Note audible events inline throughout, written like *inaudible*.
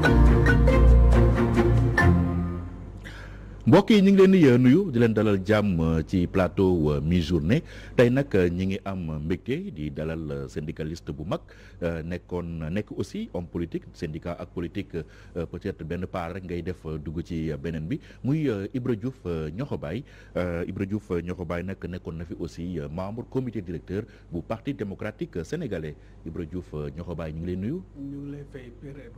thank you mbokk yi ñu ngi leen di euh, nuyu di leen dalal jàmm euh, ci plateau euh, mi journée tey nag ñu ngi am mbégte di dalal syndicaliste bu mag nekkoon nekk aussi homme politique syndicat ak politique peut-être benn part rek ngay def dugg ci beneen bi muy Ibra Diouf Niokhobaye Ibra Diouf Niokhobaye nag nekkoon na fi aussi membre comité directeur bu parti démocratique sénégalais Ibra Diouf Niokhobaye ñu ngi leen nuyu. ñu lay fay Pierre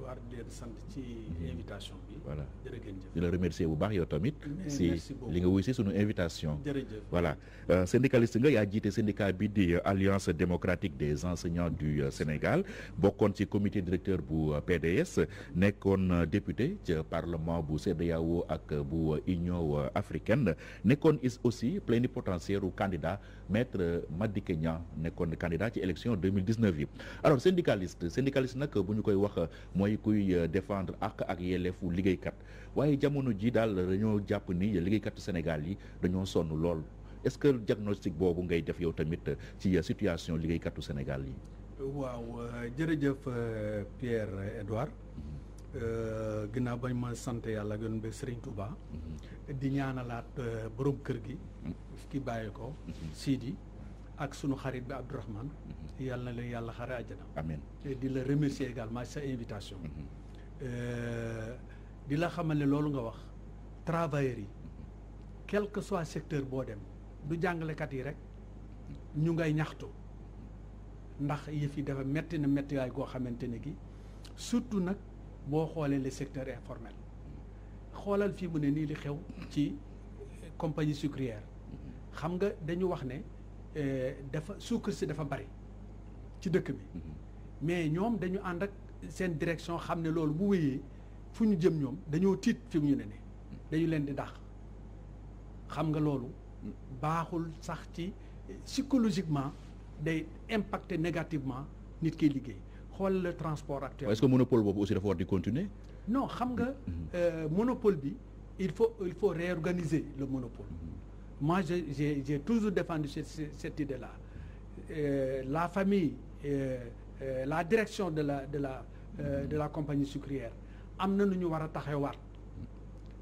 ci mhm. invitation bi. voilà jërëjëf di la remercier bu baax yow tamit. si li nga wuy si sunu invitation voilà euh, syndicaliste nga yaa jiite syndicat bi di euh, alliance démocratique des enseignants du euh, Sénégal bokkoon ci commité directeur bu PDS nekkoon député ci parlement bu CEDEAO ak bu Union africaine nekkoon is aussi plénipotentiaire u candidat maître Madické Niang nekkoon candidat ci élection 2019 yi alors syndicaliste syndicaliste nag bu ñu koy wax mooy kuy défendre ak ak yelleefu liggéeykat waaye jamono ji daal dañoo jàpp ni liggéeykatu Sénégal yi dañoo sonn lool est-ce que diagnostic boobu ngay def yow tamit ci situation liggéeykatu Sénégal yi. waaw jërëjëf euh, Pierre Edouard mm-hmm. euh, ginnaaw bañ ma sant yàlla yoon ba Serigne Touba. Mm-hmm. di ñaanalaat euh, borom kër gi. Mm-hmm. ki bàyyi ko. Sidi. ak sunu xarit bi Abdourahmane yàlla na leen yàlla xare àjjana amiin di la remercier également sa invitation di la xamal loolu nga wax travailleurs yi quel que soit secteur boo dem du jàngalekat yi rek ñu ngay ñaxtu ndax yëf yi dafa metti na metti waay goo xamante ne gi surtout nag boo xoolee les secteurs informels xoolal fii mu ne nii li xew ci compagnie sucrière xam nga dañu wax ne eh, dafa sucre si dafa bari ci dëkk bi mais ñoom dañu ànd ak seen direction xam ne loolu bu wéyee fu ñu jëm ñoom dañoo tiit fi ñu ne ne dañu leen di ndax xam nga loolu baaxul sax ci psychologiquement day impacter négativement nit kiy liggéey xool le transport actuel. est-ce que monopole boobu aussi dafa war di continuer. non xam nga mm-hmm. euh, monopole bi il faut il faut réorganiser le monopole. Mm-hmm. moi j'ai j'ai toujours défendu cetti de la là la famille euh, euh, la direction de la de la euh, mm-hmm. de la compagnie sucrière am na nu ñu war a taxawaat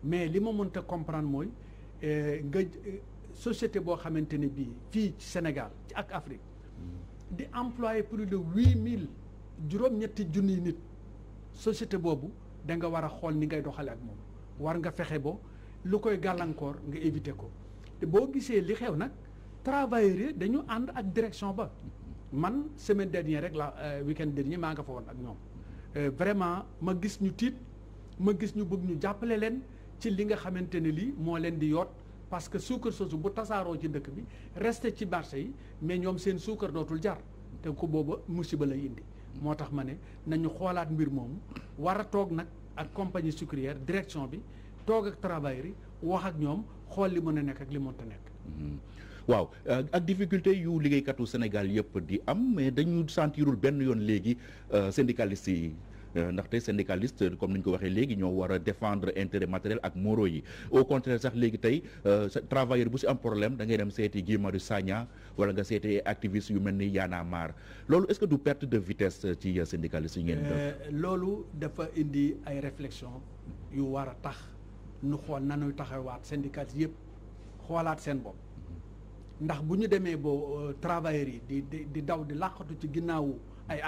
mais li ma mënta comprendre mooy eh, nga eh, société boo xamante ne bii fii ci Sénégal ci ak Afrique mm. di employé plus de huit mille juróom-ñetti junniy nit société boobu da nga war a xool ni ngay doxale ak moom war nga fexe ba lu koy gàllankoor nga éviter ko te boo gisee li xew nag travailleurs yi dañu ànd ak direction ba man semaine dernier rek la eh, week dernier maa nga fa woon ak ñoom vraiment ma gis ñu tiit ma gis ñu bëgg ñu jàppale leen ci li nga xamante ne lii moo leen di yoot parce que suukar soosu bu tasaaroo ci dëkk bi reste ci marché yi mais ñoom seen suukar dootul jar te ko booba ba lay indi moo tax ma ne nañu xoolaat mbir moomu war a toog nag ak compagnie sucrière direction bi toog ak travailleurs yi wax ak ñoom xool li mën a nekk ak li mënta nekk mm-hmm. waaw euh, ak difficulté yu liggéeykatu Sénégal yëpp di am mais dañu sentirul benn yoon léegi euh, syndicalistes yi Euh, ndaxte syndicaliste comme ni ñu ko waxee léegi ñoo war a défendre intérêt matériel ak moraux yi au contraire sax léegi tey euh, travailleur bu si am problème dangay dem seeti Guy Marius Sagna wala nga seeti activiste yu mel ni Y'en a marre loolu est-ce que du perte de vitesse ci syndicaliste yi ngeen def euh, loolu dafa indi ay réflexion yu war a tax nu xool nanuy taxawaat syndicaliste yëpp xoolaat seen bopp ndax bu ñu demee boo travailleurs yi di di daw di làqatu ci ginnaawu ay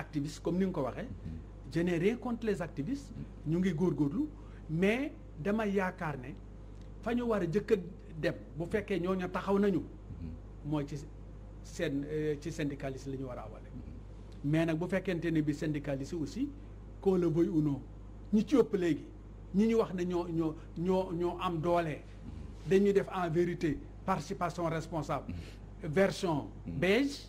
comme ni nga ko waxee mm-hmm. je n'ai rien les activistes ñu ngi góor góorlu mais dama yaakaar ne fa ñu war a jëkk a dem bu fekkee ñooñu taxaw nañu mooy ci seen euh, ci syndicaliste la ñu war a awale mais nag bu fekkente ne bi syndicaliste aussi qu'on le veuille ou non ñi ci ëpp léegi ñi ñu wax ne ñoo ñoo ñoo am doole dañuy def en vérité participation responsable version beige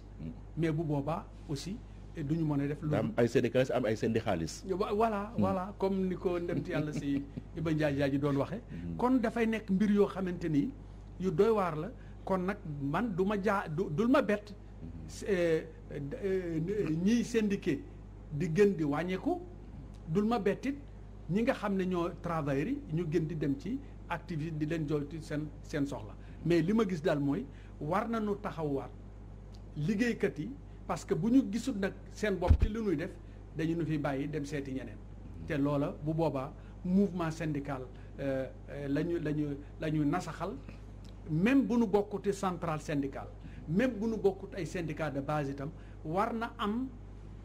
mais bu boobaa aussi du ñu mën a def. lu am ay seen xaalis am ay seen di xaalis. voilà hmm. voilà comme ni ko ndem ci yàlla si *laughs* Iba Ndiaye Diagne doon waxe hmm. kon dafay nekk mbir yoo xamante ni yu doy waar la kon nag man du ma jaa du dul ma bett hmm. eh, eh, ñiy syndiqué di gën di wàññeeku dul ma bettit ñi nga xam ne ñoo travailleurs yi ñu gën di dem ci activité di leen joyti seen seen soxla mais li ma gis daal mooy war na taxaw taxawaat liggéeykat yi. parce que bu ñu gisul nag seen bopp ci li ñuy def dañu nu fi bàyyi dem seeti ñeneen mm. te loola bu boobaa mouvement syndical euh, la ñu la la ñu nasaxal même bu nu bokkute central syndicale même bu nu bokkut ay syndicat de base itam war na am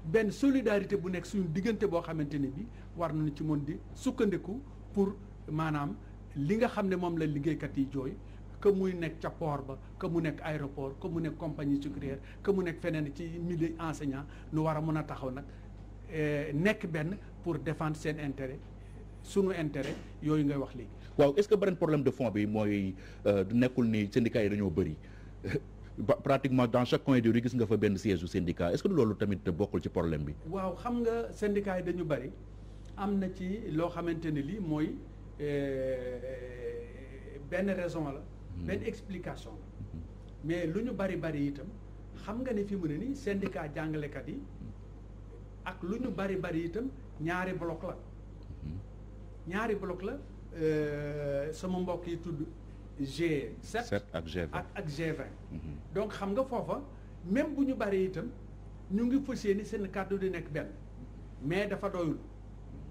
benn solidarité bu nekk suñu diggante boo xamante ne bi war nañu ci mën di sukkandiku pour maanaam li nga xam ne moom la liggéeykat yi jooy que muy nekk ca port ba que mu nekk aéroport que mu nekk compagnie sucrière que mu nekk feneen ci milieu enseignant nu war a mën a taxaw nag eh, nekk benn pour defendre seen intérêt sunu intérêt yooyu ngay wax léegi. waaw est-ce que beneen problème de fond bi mooy du euh, nekkul ni syndicats yi dañoo bëri *laughs* pratiquement dans chaque coin de rue gis nga fa benn siège su syndicat est-ce que loolu tamit bokkul ci problème bi. waaw xam nga syndicats yi dañu bëri am na ci loo xamante ne lii mooy eh, benn raison la. Mm-hmm. benn explication mais lu ñu bari bari itam xam nga ni fi mu ne nii syndicat jàngalekat yi ak lu ñu bari bari itam ñaari bloc la mm-hmm. ñaari bloc la euh, sama mbokk yi tudd G7 ak G20 ak g mm-hmm. donc xam nga foofa même bu ñu bari itam ñu ngi fas ni seen kàddu di nekk benn mais dafa doyul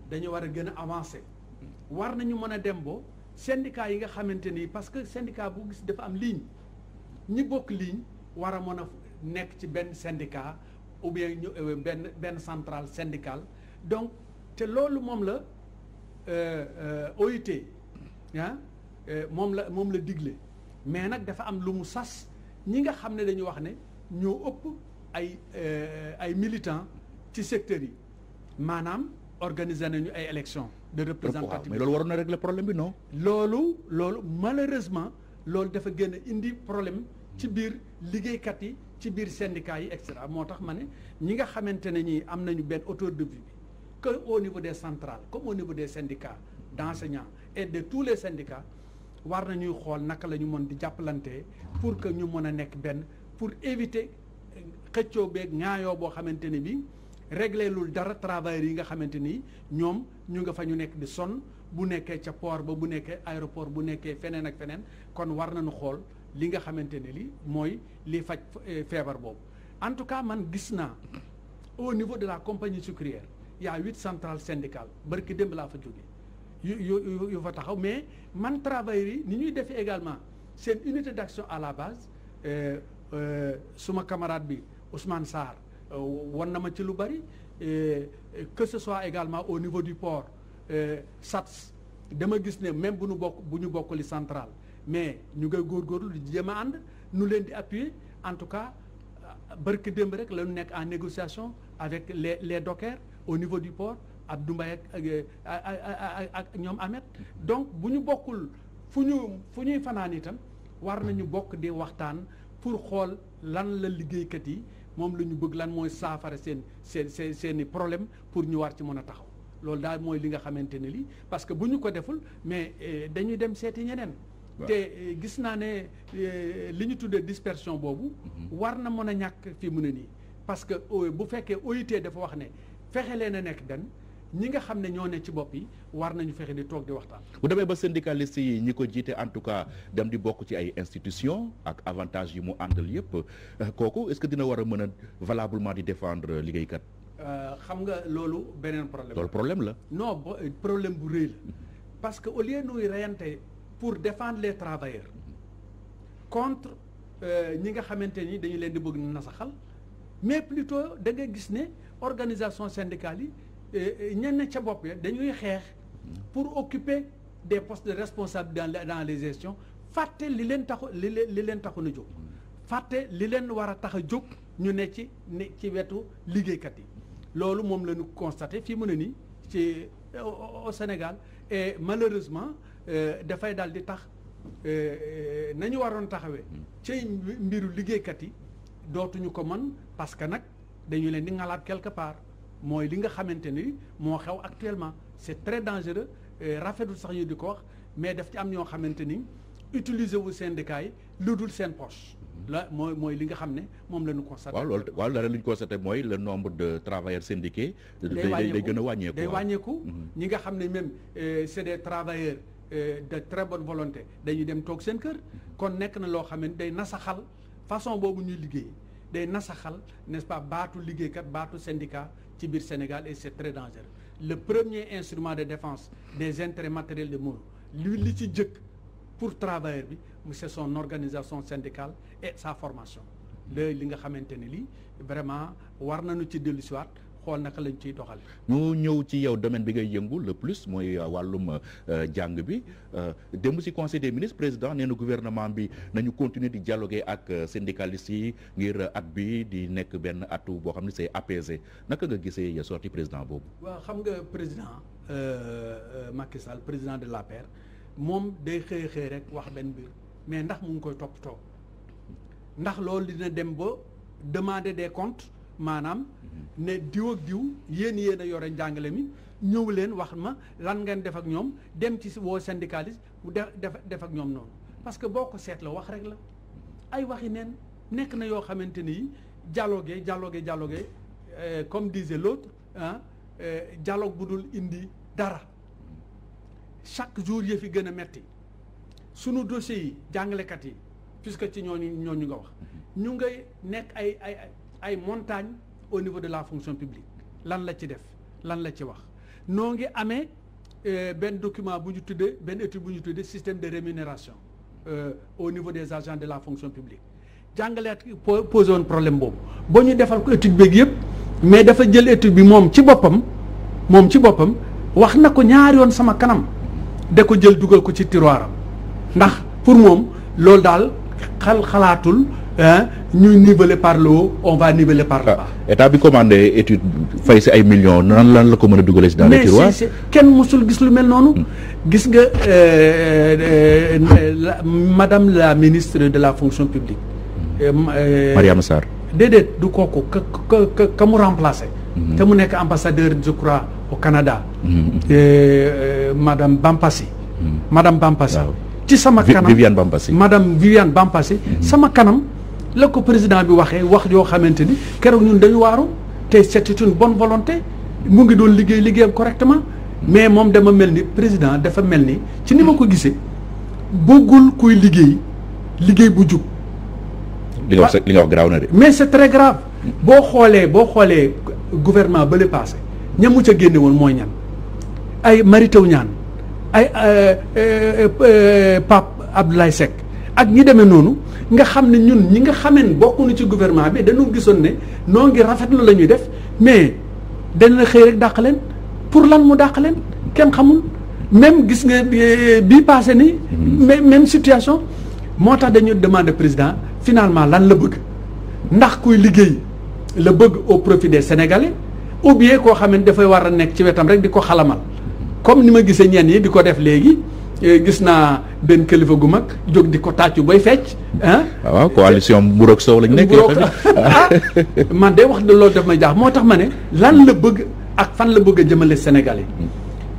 dañu war a gën a avancer war nañu mën a dem boo syndicat yi nga xamante nii parce que syndicat bu gis dafa am ligne ñi bokk ligne war a mën a nekk ci benn syndicat ou bien ñu euh, benn benn centrale syndicale donc te loolu moom la euh, euh, OIT ah moom la moom la digle mais nag dafa am lu mu sas ñi nga xam ne dañu wax ne ñoo ëpp ay ay militants ci secteurs yi maanaam organiser nañu ay élections. de représentativité mais loolu waroon na régler problème bi non. loolu loolu malheureusement loolu dafa gën a indi problème ci biir liggéeykat yi ci biir syndicats yi et cetera moo tax ma ne ñi nga xamante ne ñii am nañu benn hauteur de vue bi que au niveau des centrales comme au niveau des syndicats d'enseignants et de tous les syndicats war ñuy xool naka la ñu mën di jàppalantee pour que ñu mën a nekk benn pour éviter xëccoo beeg ŋaayoo boo xamante ne bii. réglé lul dara travailleurs yi nga xamante ni ñoom ñu nga fa ñu nekk di sonn bu nekkee ca port ba bu nekkee aéroport bu nekkee feneen ak feneen kon war nañu xool li nga xamante ne li mooy li faj eh, feebar boobu. en tout cas man gis naa au niveau de la compagnie sucrière y a huit centrales syndicales barki démb laa fa jóge yu yu yu fa taxaw mais man travailleurs yi ni ñuy defee également seen unité d'action à la base euh, euh, suma camarade bi Ousmane Sarr. Euh, wan na ma ci lu bari euh, que ce soit également au niveau du port SATS euh, dama gis ne même bu nu bokk bu ñu bokk li central mais ñu ngay góorgóorlu di jéem a ànd nu leen di appuyer en tout cas barki démb rek lañu nekk en négociation avec les les dockers au niveau du port Abdou Mbaye ak ak ñoom Ahmed donc bu ñu bokkul fu ñu fu ñuy fanaan itam war nañu bokk di waxtaan pour xool lan la liggéeykat yi moom la ñu bëgg lan mooy saafara seen seen seen seen i problème pour ñu war ci mën a taxaw loolu daal mooy li nga xamante ne lii parce que bu ñu ko deful mais eh, dañuy dem seeti ñeneen te eh, gis naa ne eh, li ñu tuddee dispersion boobu mm-hmm. war na mën a ñàkk fi mu ne nii parce que oh, bu fekkee OIT dafa wax ne fexe leen a nekk dan ñi nga xam ne ñoo ne ci bopp yi war nañu fexe ni toog di waxtaan. bu demee ba syndicaliste yi ñi ko jiite en tout cas dem di bokk ci ay institution ak avantage yi mu àndal yépp euh, kooku est-ce que dina war a mën a valablement di défendre kat euh, xam nga loolu beneen problème problème la. non euh, problème bu rëy la parce que au lieu nuy reyante pour défendre les travailleurs contre ñi nga xamante ni dañu leen di bëgg nasaxal mais plutôt da nga gis ne organisation syndicale yi. Euh, euh, ñenn ca bopp ya dañuy xeex pour occuper des post de responsable dans les dans les gestions fàtte li leen taxu li leen li leen taxu na jóg fàtte li leen war a tax a jóg ñu ne ci ni ci wetu liggéeykat yi loolu moom lañu ñu constaté fii mu ne nii ci Sénégal e malheureusement euh, dafay daal di tax nañu waroon taxawee ci mbiru liggéeykat yi dootuñu ko mën parce que nag dañu leen di ngalaat quelque part mooy li nga xamante ni moo xew actuellement c'est très dangereux rafetul sax ñu di ko wax mais daf ci am ñoo xamante ni utiliser wu syndicat yi lu dul seen poche. la mooy mooy li nga xam ne moom la ñu constaté. waaw loolu waaw dara lu ñu mooy le nombre de travailleurs syndiqués. day wàññeeku day gën a wàññeeku day wàññeeku. Mm-hmm. ñi nga xam ne même euh, c'est des travailleurs euh, de très bonne volonté dañuy dem toog seen kër. kon nekk na loo xam ne day nasaxal façon boobu ñuy liggéey day nasaxal n'est-ce pas baatu liggéeykat baatu syndicat. ci biir Sénégal et c'est très dangereux le premier instrument de défense des intérêts matériels de Moro lu li ci jëkk pour travailleur bi mu se son organisation syndicale et sa formation léegi li nga xamante ne lii vraiment war nañu ci dellusiwaat xool naka lañ ciy doxal ñu ñëw ci yow domaine bi ngay yëngu le plus mooy euh, wàllum euh, jàng bi euh, démb si conseil des ministres président nee na gouvernement bi nañu continuer di dialoguer ak syndicalistes yi ngir at bi di nekk benn atu boo xam ne c'est apaisé naka nga gisee sorti président boobu waa xam nga président Macky Sall président de la l'APR moom day xëy xëy rek wax benn mbir mais ndax mu ngi koy toppatoo ndax loolu dina dem ba demander des comptes maanaam mm-hmm. ne diw ak diw yéen yéen a yore njàngale mi ñëw leen wax ma lan ngeen def ak ñoom dem ci woo syndicaliste mu def def ak ñoom noonu parce que boo ko seet la wax rek la mm-hmm. ay waxi neen nekk na yoo xamante ni dialogue dialogue dialogue euh, comme disait l'autre ah dialogue bu dul indi dara mm-hmm. chaque jour yëf fi gën a metti sunu dossiers yi jàngalekat yi puisque ci ñooñu ñooñu nga wax ñu ngay nekk ay ay ay montagnes au niveau de la fonction publique lan la ci def lan la ci wax noo ngi amee euh, benn document bu ñu tuddee benn étude bu ñu tuddee système de rémunération euh, au niveau des agents de la fonction publique jàngaleet posé woon problème boobu ba ñu defal ko étude beeg yëpp mais dafa jël étude bi moom ci boppam moom ci boppam wax na ko ñaari yoon sama kanam da ko jël dugal ko ci tiroiram ndax pour moom loolu daal xal xalaatul ah ñuy niveler par le haut on va niveler par le ah, bas. état bi commandé étude fay si ay million nan la la ko mën a dugalee si dans les tiroirs mais kenn mosul gis mel noonu. Hmm. gis nga euh, euh, madame la ministre de la fonction publique. Hmm. Euh, Mariama Sarr. déedéet du kooku ka ka ka mu remplacé. Hmm. te mu nekk ambassadeur je crois au Canada. madame Bampassi. madame Bampassi. ci sama kanam Viviane Bampassi. madame Viviane Bampassi sama kanam. la ko président bi waxee wax yoo xamante ni keroog ñun dañu waaru te c'est une bon volonté mu ngi doon liggéey liggéeyam correctement mais moom dama mel ni président dafa mel ni ci ni ma ko gisee bëggul kuy liggéey liggéey bu jub. li nga wax ah. li nga wax grave na de. mais c'est très grave boo xoolee boo xoolee gouvernement ba le passé ñamu ca génne woon mooy ñan ay maritaw ñaan ay euh, euh, euh, Pape Abdoulaye Seck. ak ñi demee noonu nga xam ne ñun ñi nga xameen bokkuñu ci gouvernement bi dañu gisoon ne noo ngi rafetlu la ñuy def mais dañ la xëy rek dàq leen pour lan mu dàq leen kenn xamul même gis nga euh, bi passé ni mm-hmm. même situation moo tax dañu demande président finalement lan la bëgg ndax kuy liggéey la bëgg au profit des sénégalais bien koo xam ne dafay war a nekk ci wetam rek di ko xalamal comme ni ma gisee ñenn yi di ko def léegi Eh, gis naa benn kilifa gu mag jóg di ko tàccu booy fecc ah. ah. waaw coalition Mburoog Sow lañ nekk. Ah, man de wax de loolu daf may jaax moo tax ma ne lan la bëgg ak fan la bëgg a jëmale Sénégalais.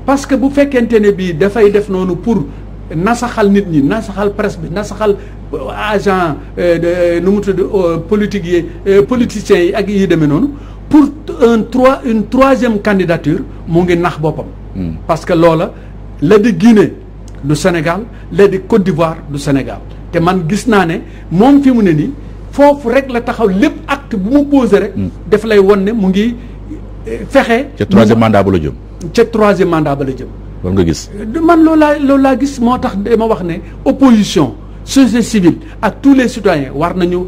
parce que bu fekkente ne bii dafay def noonu pour nasaxal nit ñi nasaxal presque bi nasaxal euh, agent euh, de nu mu tudd euh, politique yi politiciens yi ak yi demee noonu pour un trois une troisième candidature mu ngi nax boppam. Hmm. parce loola la di Guinée. du Sénégal la di Côte d'Ivoire du Sénégal te man gis naa ne moom fi mu ne nii foofu rek la taxaw lépp acte bu mu posé rek. Hmm. def lay won ne mu ngi eh, fexe. ca troisième mandat ba la jëm. ca troisième mandat ba la jëm. war nga gis. Euh, man loolu laa loolu laa gis moo tax ma wax ne opposition société civile ak tous les citoyens war nañu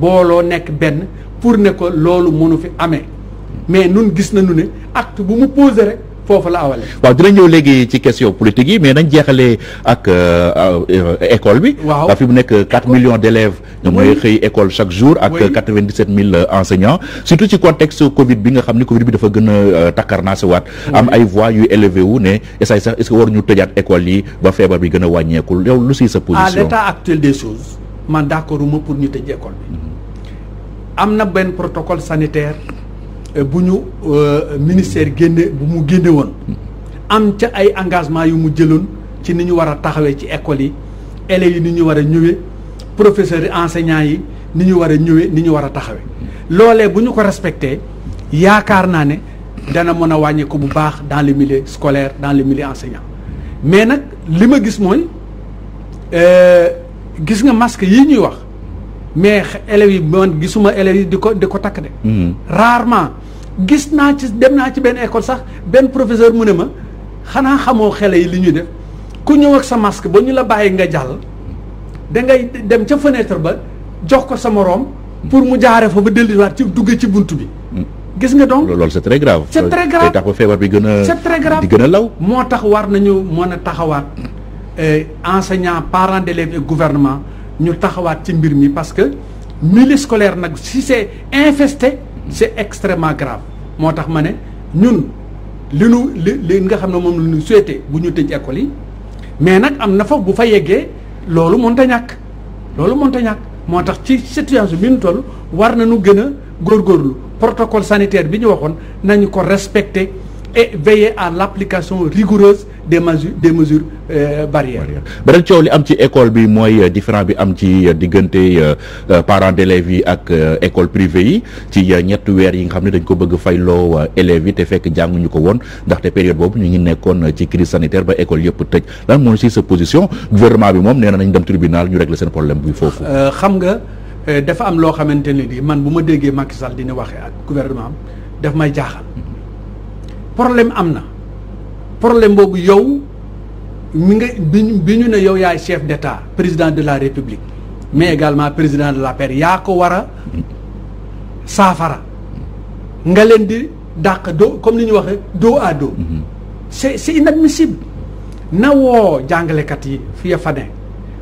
booloo nekk benn pour ne ko loolu mënu fi amee mais nun gis nañu ne acte bu mu posé rek. foofu la awale waaw dina ñëw léegi ci question politique yi mais nañ jeexalee ak euh, école bi. waaw fi mu nekk 4 millions d' élèves. ñoom mooy xëy école chaque jour. ak 97 000 enseignants. surtout ci contexte Covid bi nga xam ni Covid bi dafa gën a euh, takkarnaase waat. am ay voix yu élevé wu ne essay sax est ce que waruñu tëjaat école yi ba feebar bi gën a wàññeekul yow lu siy sa position. à l' état actuel des choses man d' accord pour ñu tëj école bi. Mm-hmm. am na benn protocole sanitaire. Eh, bu ñu euh, ministère génne bu mu génne woon am ca ay engagement yu mu jëloon ci ni ñu war a taxawee ci école yi élèves yi ni ñu war a ñëwee professeurs yi enseignants yi ni ñu war a ñëwee ni ñu war a taxawee loolee bu ñu ko respecté yaakaar naa ne dana mën a wàññeeku bu baax dans le milieu scolaire dans le milieu enseignant mais nag li ma gis mooy euh, gis nga masque yi ñuy wax mais élèves yi man gisuma élèves yi di ko di ko takk de. Hmm. rarement gis naa ci dem naa ci benn école sax benn professeur mu ne ma xanaa xamoo xele yi li ñuy def ku ñëw ak sa masque ba ñu la bàyyi nga jàll da ngay dem ca fenêtre ba jox ko sa moroom. pour mu jaaree fa ba delluwaat ci duggee ci bunt bi. Hmm. gis nga donc loolu c'est très grave. c'est très grave feebar bi gën a. c'est très grave law. moo tax war nañu mën a taxawaat euh, enseignants parents d'élèves et gouvernement. ñu taxawaat ci mbir mi parce que milieu scolaire nag si c'est infesté c'est extrement grave moo tax ma ne ñun li nu li nga xam ne moom la ñu souhaité bu ñu tëj école yi mais nag am na fa bu fa yeggee loolu mënta ñàkk loolu mënta ñàkk moo tax ci situation bi ñu toll war na nañu gën a góorgóorlu protocole sanitaire bi ñu waxoon nañu ko respecté et veiller à l'application rigoureuse des mesures des mesures euh, barrières. beneen coow li am ci école bi mooy euh, différent bi am ci euh, diggante euh, parents d'élèves yi ak école privée yi ci ñetti weer yi nga xam ne dañ ko bëgg fayloo élèves yi te fekk jànguñu ko woon ndaxte période boobu ñu ngi nekkoon ci crise sanitaire ba école yëpp tëj lan moo ci sa position gouvernement bi moom nee na nañ dem tribunal ñu régler seen problème bi foofu. xam nga dafa am loo xamante ne nii man bu ma déggee Macky Sall dina waxee ak gouvernement am daf may jaaxal. problème am na poroblème boobu yow mi nga bi ñu ne yow yaay chef d'état président de la république mais également président de la paix yaa ko wara a saafara nga leen di dàq doo comme ni ñu waxee doo à dos mm-hmm. c'est c'est inadmissible na woo jàngalekat yi fi fa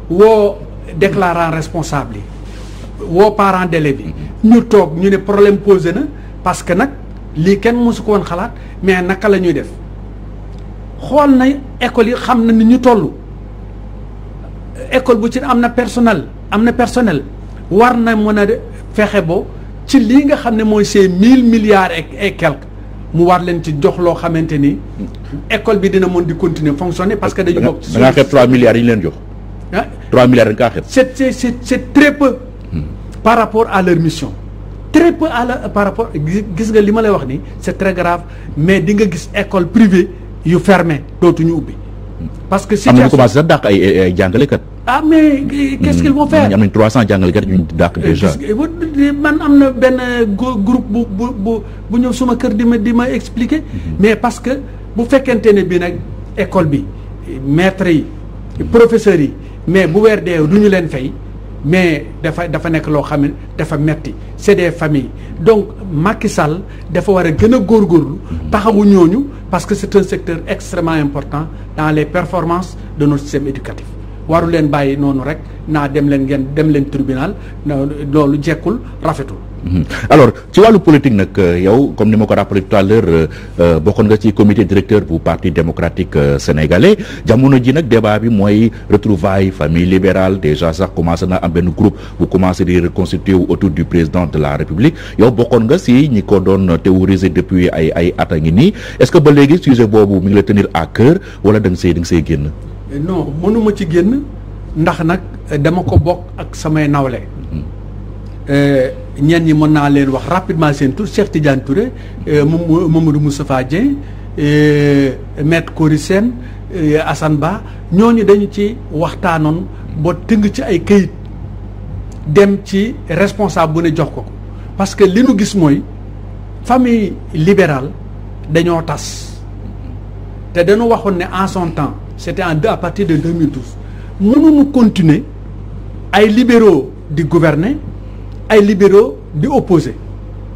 woo déclarant responsable yi woo parent d'élève bi mm-hmm. ñu toog ñu ne problème posé na parce que nag lii kenn mosu ko woon xalaat mais naka la ñuy def xool na école yi xam na ni ñu toll école bu ci am na personnel am na personnel war na mën a fexe bo ci lii nga xam ne mooy ces mille milliards ay quelques mu war leen ci jox loo xamante ni école bi dina mën di continuer fonctionner parce que dañu bokk ci da ngaa xeeb trois milliards yi ñu leen jox ah trois milliards da nga kaa xeeb c'est très peu hmm. par rapport à leur mission très peu par rapport gis nga li ma lay wax ni c'est très grave mais di nga gis école privée yu fermé dootuñu ubbi. parce que situation am na ñu commencé sax dàq ay ay jàngalekat. ah mais qu'est-ce qu'ils vont hmm. faire am nañ 300 jàngalekat ñu dàq euh, déjà. man am na benn groupe bu bu bu bu ñëw suma kër di ma di ma expliquer. Hmm. mais parce que bu fekkente ne bii nag école bi maîtres yi professeurs yi mais bu weer dee du ñu leen fay. mais dafa dafa nekk loo xam ne dafa metti c'est des familles donc Macky Sall dafa war a gën a góorgóorlu taxawu ñooñu parce que c'est un secteur extrêmement important dans les performance de notre système éducatif waru leen bàyyi noonu rek naa dem leen ngeen dem leen tribunal loolu jekkul rafetu mhm. alors ci wàllu politique nag euh, yow comme ni ma ko rappelé tout à l'heure euh, euh, bokkoon nga ci commité directeur bu parti démocratique sénégalais jamono ji nag débat bi mooy retrouvailles famille libérale déjà sax commencé na am benn groupe bu commencé di reconstituer wu auto du président de la république yow bokkoon nga si ñi ko doon théoriser depuis ay ay at a ngi nii est-ce que ba léegi sujet boobu mu ngi la à cœur wala da nga see da nga see non mënuma ci génn ndax nag dama ko bokk ak samay nawle hmm. eh, ñeen ñi mën naa leen wax rapidement seen tur Cheikh Tidiane Touré eh, Mamadou Moustapha Dieng eh, maître Cory Sène Assane Ba ñooñu dañu ci waxtaanoon boo tëng ci ay këyit dem ci responsable bu ne jox ko ko parce que li nu gis mooy famille libérale dañoo tas te dañu waxoon ne en son temps c'était en deux à partir de 2012 mënuñu continuer ay libéraux di gouverner ay libéraux di opposer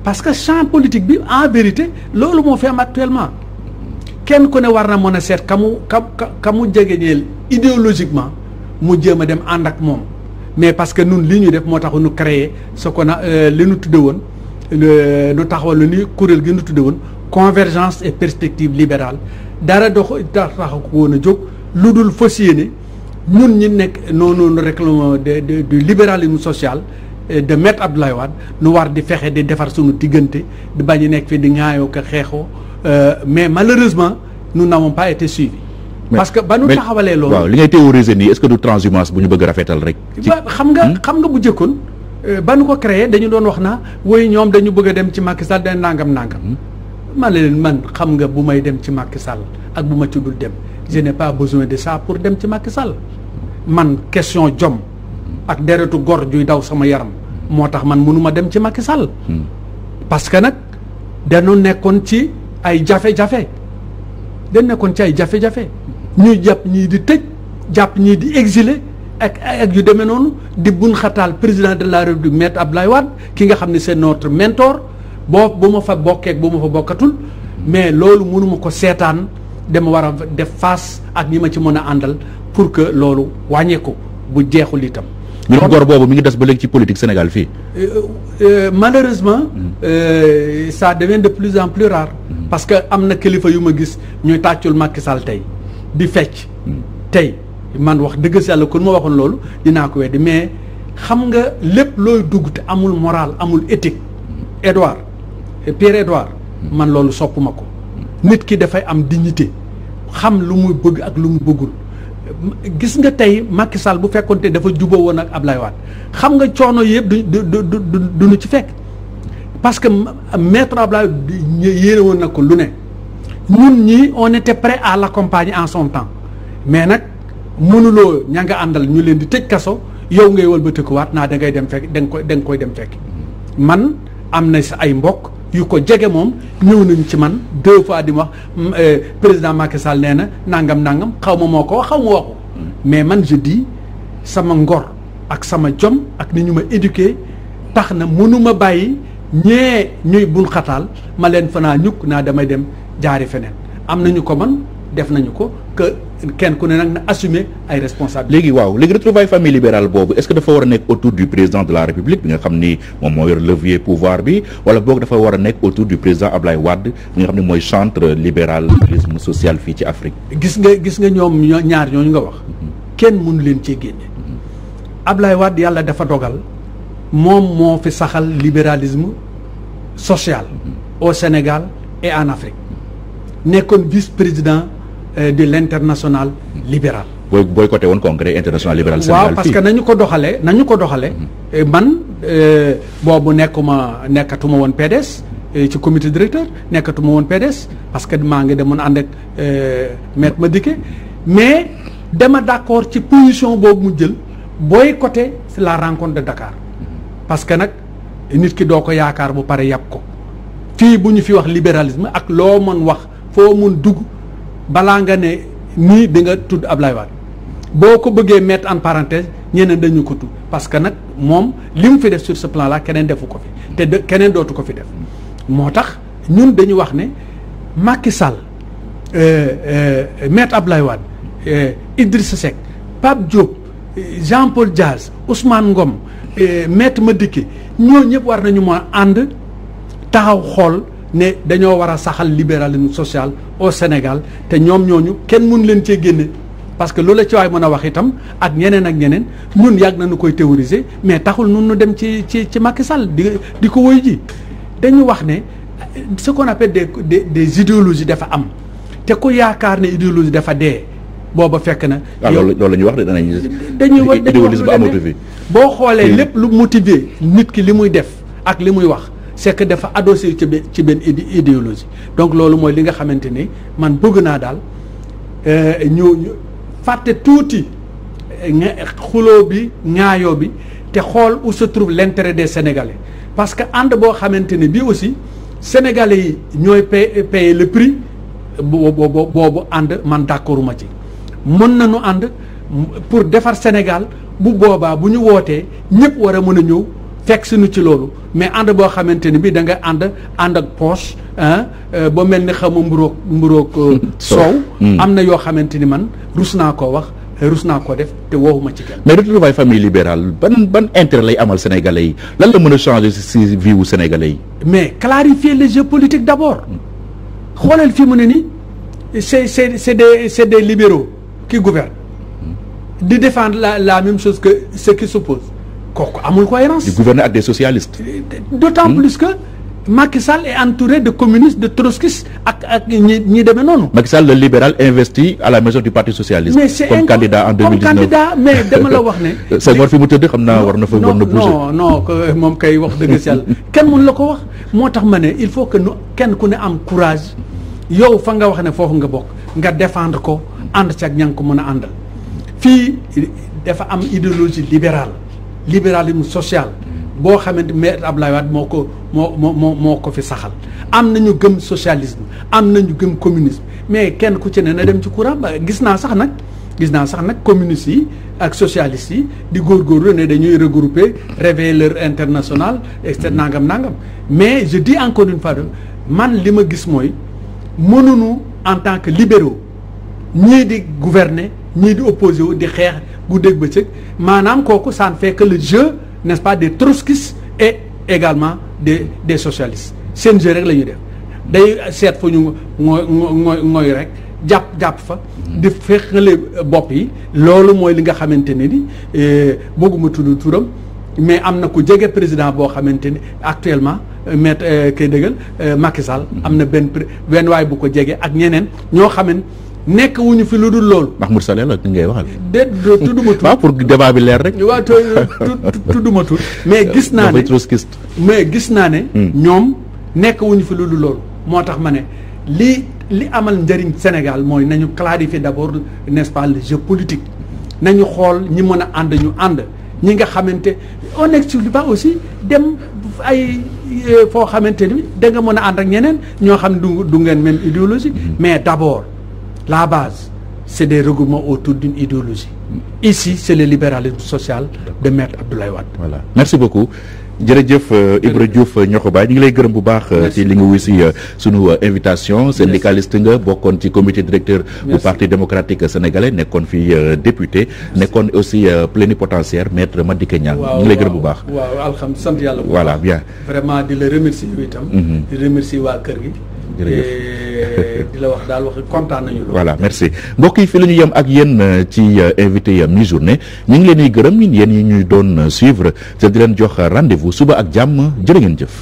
parce que champ politique bi en vérité loolu moo fi am actuellement kenn ku ne war na mën a seet ka mu ka ka mu jegeñeel idéologiquement mu jéem a dem ànd ak moom mais parce que nun li ñuy def moo tax nu créer ce qu'on a euh, li nu tudde woon nu taxawal ni kuréel gi nu tudde woon convergence et perspective libérale dara dox tax ko woon a jóg lu dul fas yéene mun ñi nekk noonu nous réclamons de du libéralisme social de maître Abdoulaye Wade nu war di fexe di defar suñu diggante di bañ a nekk fii di ŋaayoo ko xeexoo euh, mais malheureusement nous n'avons pas été suivis. parce que ba nu taxawalee loolu. li ngay théoriser nii est-ce que du transhumance bu ñu bëgg rafetal rek. xam nga hmm? xam nga bu njëkkoon euh, ba nu ko créé dañu doon wax naa woy ñoom dañu bëgg a dem ci Macky Sall dañ nangam nangam. Hmm? man leen man xam nga bu may dem ci Macky Sall ak bu ma ci dem. je n'ai pas besoin de ça pour dem ci Macky Sall man question jom ak deretu gor juy daw sama yaram moo tax man mënuma dem ci Macky Sall hmm. parce que nag dañu nekkoon ci ay jafe-jafe dañ nekkoon ci ay jafe-jafe ñuy jàpp ñii di tëj jàpp ñii di exiler ak ak yu demee noonu di bun xataal président de la république maître Abdoulaye Wade ki nga xam ne c'est notre mentor boo bu ma fa bokkeek bu ma fa bokkatul mais loolu mënuma ko seetaan dama war a def face ak ñi ma ci mën a àndal pour que loolu wàññeeku bu jeexul itam. ñu gor boobu mi ngi des ba léegi ci politique Sénégal fii. Euh, euh, malheureusement. sa mm. euh, devin de plus en plus rare. Mm. parce que am na kilifa yu ma gis ñuy tàccul Macky Sall tey di fecc. Mm. tey man wax dëgg si yàlla kon ma waxoon loolu dinaa ko di mais xam nga lépp looy dugg te amul moral amul éthique. Edouard Pierre Edouard. man loolu soppuma ko. nit ki dafay am dignité xam lu muy bëgg ak lu mu bëggul gis nga tey Macky Sall bu fekkonte dafa juboo woon ak Ablaye Wade xam nga coono yëpp du du du duñu ci fekk parce que maître Ablaye yéene woon na ko lu ne ñun ñii on était prêt à l'accompagner en son temps mais nag mënuloo ña àndal ñu leen di tëj kaso yow ngay wëlbatikuwaat naa da ngay dem fekk da nga koy da nga dem fekk man am na si ay mbokk yu ko jege moom ñëw nañ ci man deux fois di ma wax euh, président Macky Sall nee na nangam nangam xaw ma moo ko wax xaw ma waxu mais man je sama ngor ak sama jom ak ni ñu ma éduqué tax na mënuma bàyyi ñee ñuy bul xataal ma leen fanaa ñukk naa damay dem jaari feneen am nañu ko man def nañu ko que kenn ku ne nag na assumer ay responsabilités. léegi waaw léegi retrouvailles famille libérale boobu est-ce que dafa war a nekk autour du président de la république bi nga xam ni moom moo levier pouvoir bi wala boog dafa war a nekk autour du président Ablaye Wade bi nga xam ne mooy chantre libéralisme social fii ci Afrique. gis nga gis nga ñoom ñaar ñooñu nga wax mm-hmm. kenn mënu leen cee génne mm-hmm. Ablaye Wade yàlla dafa dogal moom moo fi saxal libéralisme social mm-hmm. au Sénégal et en Afrique nekkoon vice-président. Euh, de l'international libéral. booy boycotté woon congrès international libéral. Sénégal waaw parce que nañu ko doxale nañu ko doxalee. Mhm. man euh, boobu nekkuma nekkatuma woon PDS. Euh, ci commité directeur nekkatuma woon PDS parce que maa ngi demoon ànd ak ma Madické mais dama d'accord ci position boobu mu jël booy boycotté la rencontre de dakaar mhm. parce que nag nit ki doo ko yaakaar bu pare yàpp ko fii bu ñu fi wax libéralisme ak loo mën wax foo mën dugg. balaa nga ne nii di nga tudd Ablaye Wade boo ko bëggee mettre en parenthèse ñeneen dañu ko tudd parce que nag moom li mu fi def sur ce plan là keneen defu ko fi te keneen dootu ko fi def moo tax ñun dañu wax ne Macky Sall euh, euh, Maître Ablaye Wade euh, Idrissa Seck Pape Diop Jean-Paul Diaz Ousmane Ngom Maître Madické ñoo ñëpp war nañu moo ànd taxaw xool ne dañoo war a saxal libéralisme social au Sénégal te ñoom ñooñu kenn mun leen cee génne parce que loolu la ci waay mën a wax itam ak ñeneen ak ñeneen ñun yàgg nañu koy théoriser mais taxul nun nu dem ci ci ci Macky Sall di di ko woy ji dañu wax ne su qu'on appelle des des des dafa am te ku yaakaar ne idéologie dafa dee booba fekk na. Ah, loolu lool la ñuy wax de danañ. ñu wax idéologie ba amatu fi boo xoolee lépp lu motiver nit ki li muy def ak li muy wax. c'est que dafa adossé ci benn ci benn donc loolu mooy li nga xamante ni man bëgg naa daal euh, ñu fàtte tuuti euh, xuloo bi ŋaayoo bi te xool où se trouve l'intérêt des Sénégalais parce que ànd boo xamante ne bii aussi Sénégalais yi ñooy payer le prix boobu boobu ànd man d'accorduma ci mën nañu ànd pour defar Sénégal bu boobaa bu ñu wootee ñëpp war a mën a ñëw fekk si nu ci loolu mais ànd boo xamante ni bii da nga ànd ànd ak poche euh, ba mel ni xamu mburoog mburoog euh, hmm. soow hmm. am na yoo xamante ni man rus naa koo wax rus naa koo def te woowuma ci kenn mais retrouvailles famille libérale ban ban intérêt lay amal sénégalais yi lan la mën a changer si vie wu sénégalais yi mais clarifier les jeux politiques d'abord hmm. xoolal fi mu ne nii c'est c'est c'est des c'est des libéraux di défendre la la même chose que ceux qui s'opposent kooku amul cohérence. di gouverner ak des socialistes. Euh, d'autant hmm. plus que Macky Sall est entouré de communistes de trotskistes ak ak ñi ñi demee noonu. Macky Sall le libéral investi à la maison du parti socialiste. mais c'est comme candidat en 2019 comme candidat mais dama la wax ne. Senghor *laughs* fi mu tëdd xam naa war na fa war na bouger. non non moom kay wax dëgg si yàlla kenn mënu la ko wax moo tax ma ne il faut que nu kenn ku ne am courage yow fa nga wax ne foofu nga bokk nga défendre ko ànd ci ak ña nga ko mën a àndal fii dafa am idéologie libérale. libéralisme social boo xamante maître Abdoulaye Wade moo ko moo moo moo ko fi saxal am nañu gëm socialisme am ñu gëm communisme mais kenn ku ci ne na dem ci courant ba gis naa sax nag gis naa sax nag communistes yi ak socialistes yi di góorgóorlu ne dañuy regrouper réveiller leur international et cetera nangam nangam mais je dis encore une fois man li ma gis mooy mënuñu en tant que libéraux ñii di gouverner ñii di opposé wu di xeex ba bëccëg maanaam kooku ça ne fait que le jeu nest pas des trotskistes et également de des socialistes seen jeu rek la ñuy def day seet fu ñu mooy mooy mooy rek jàpp jàpp fa hmm. di le bopp yi loolu mooy li nga xamante ne ni eh, bëgguma tudd turam mais am na ku jege président boo xamante ni actuellement euh, maître euh, kay dëggal euh, Macky hmm. am na benn benn waay bu ko jege ak ñeneen ñoo xaman nekk wuñu fi lu dul loolu. Mahmoud Saleh la ki ngay waxal. déet tudduma tur *laughs* waaw pour débat bi leer rek. waaw tudduma tur *laughs* mais gis naa ne mais gis naa ne. ñoom nekk wuñu fi lu dul loolu. moo tax ma ne li li amal njëriñ Sénégal mooy nañu clarifier d' abord n' est ce pas le jeu politique. nañu xool ñi mën a ànd ñu ànd ñi nga xamante on n'exclut pas aussi dem ay euh, foo xamante ni da nga mën a ànd ak ñeneen ñoo xam du du ngeen même idéologie hmm. mais d' abord. La base, c'est des regroupements autour d'une idéologie. Ici, c'est le libéralisme social de Maître Abdoulaye Wade. Voilà. Merci beaucoup. jërëjëf euh, Ibra Diouf euh, Niokho Ba ñu ngi lay gërëm bu baax euh, ci li nga wuy si sunu invitation syndicaliste nga bokkoon ci comité directeur bu parti démocratique sénégalais nekkoon fi député nekkoon aussi plénipotentiaire maître Madické Niang ñu ngi lay gërëm bu baax waaw alxam sant yàlla voilà bien vraiment di la remercier yow itam mhm. di waa kër gi di la wax daal kontaan voilà merci mbokk yi fi la ñu yem ak yéen euh, ci euh, invité euh, mi journée ñu ngi leen di gërëm ñun yéen ñi ñuy doon suivre te di leen jox rendez vous suba ak jàmm jërë ngeen jëf.